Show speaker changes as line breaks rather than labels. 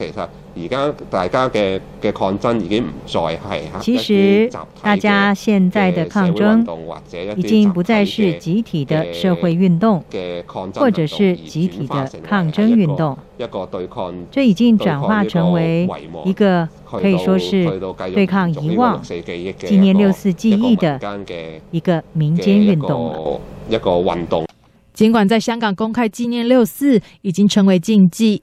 其實而家大家嘅嘅抗爭已經唔再係一
啲集體
嘅社會運動，已經不再是集體的，的社會運動，動，或者是集體的抗爭運動一。一個對抗，這已經轉化成為一個可以說是對抗遺忘、紀念六四記憶嘅
一個民間運動。
一個運動，
盡管在香港公開紀念六四已經成為禁忌。